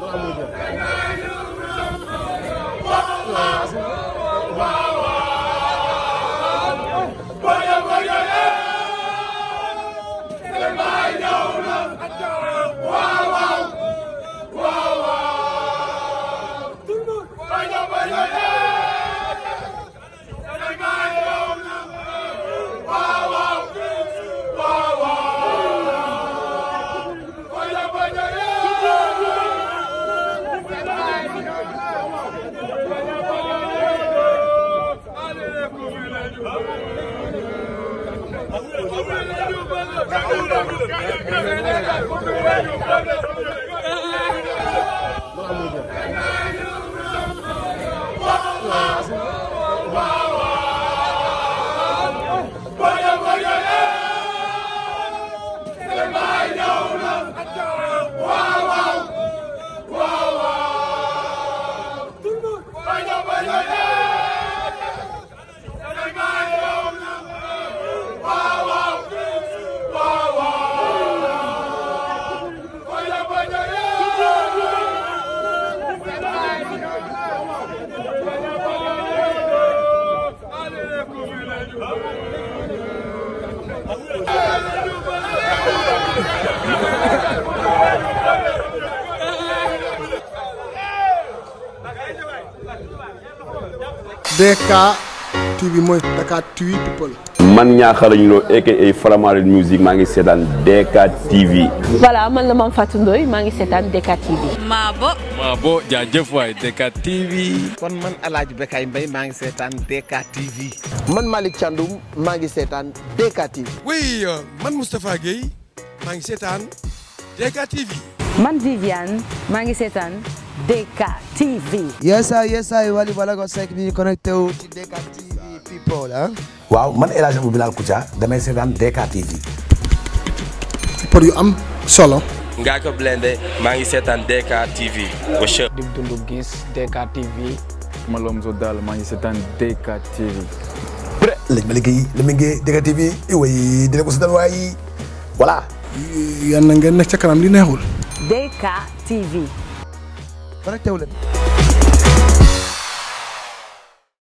lu amul jël Thank you. DK TV mooy Dakar TV people man Niakhar Agnew aka Faramareen music maa ngi seetaan DK TV. voilà man la Mame Fatou Ndoye maa ngi seetaan DK TV. Maabo. Maabo jaajëf waay DK TV. kon man El Hadj Bekay Mbaye maa ngi seetaan DK TV. man Malick Thiandoum maa ngi seetaan DK TV. oui euh, man Moustapha Guèye maa ngi seetaan DK TV. man Viviane maa ngi seetaan DK TV. yes sir yes sir Wally Ballago Seck people ah. waaw man El Hadj Abou Bilal Koutia damay seetaan DK TV. pour yu am solo. ngaa ko maa ngi seetaan DK TV. di dundu gis DK TV. Malomzo Dal maa ngi seetaan DK TV. léegi ma liggéey li mu ngi DK TV iwoy dina ko seetaan waay voilà. yal na ngeen nekk ca li neexul. DK TV.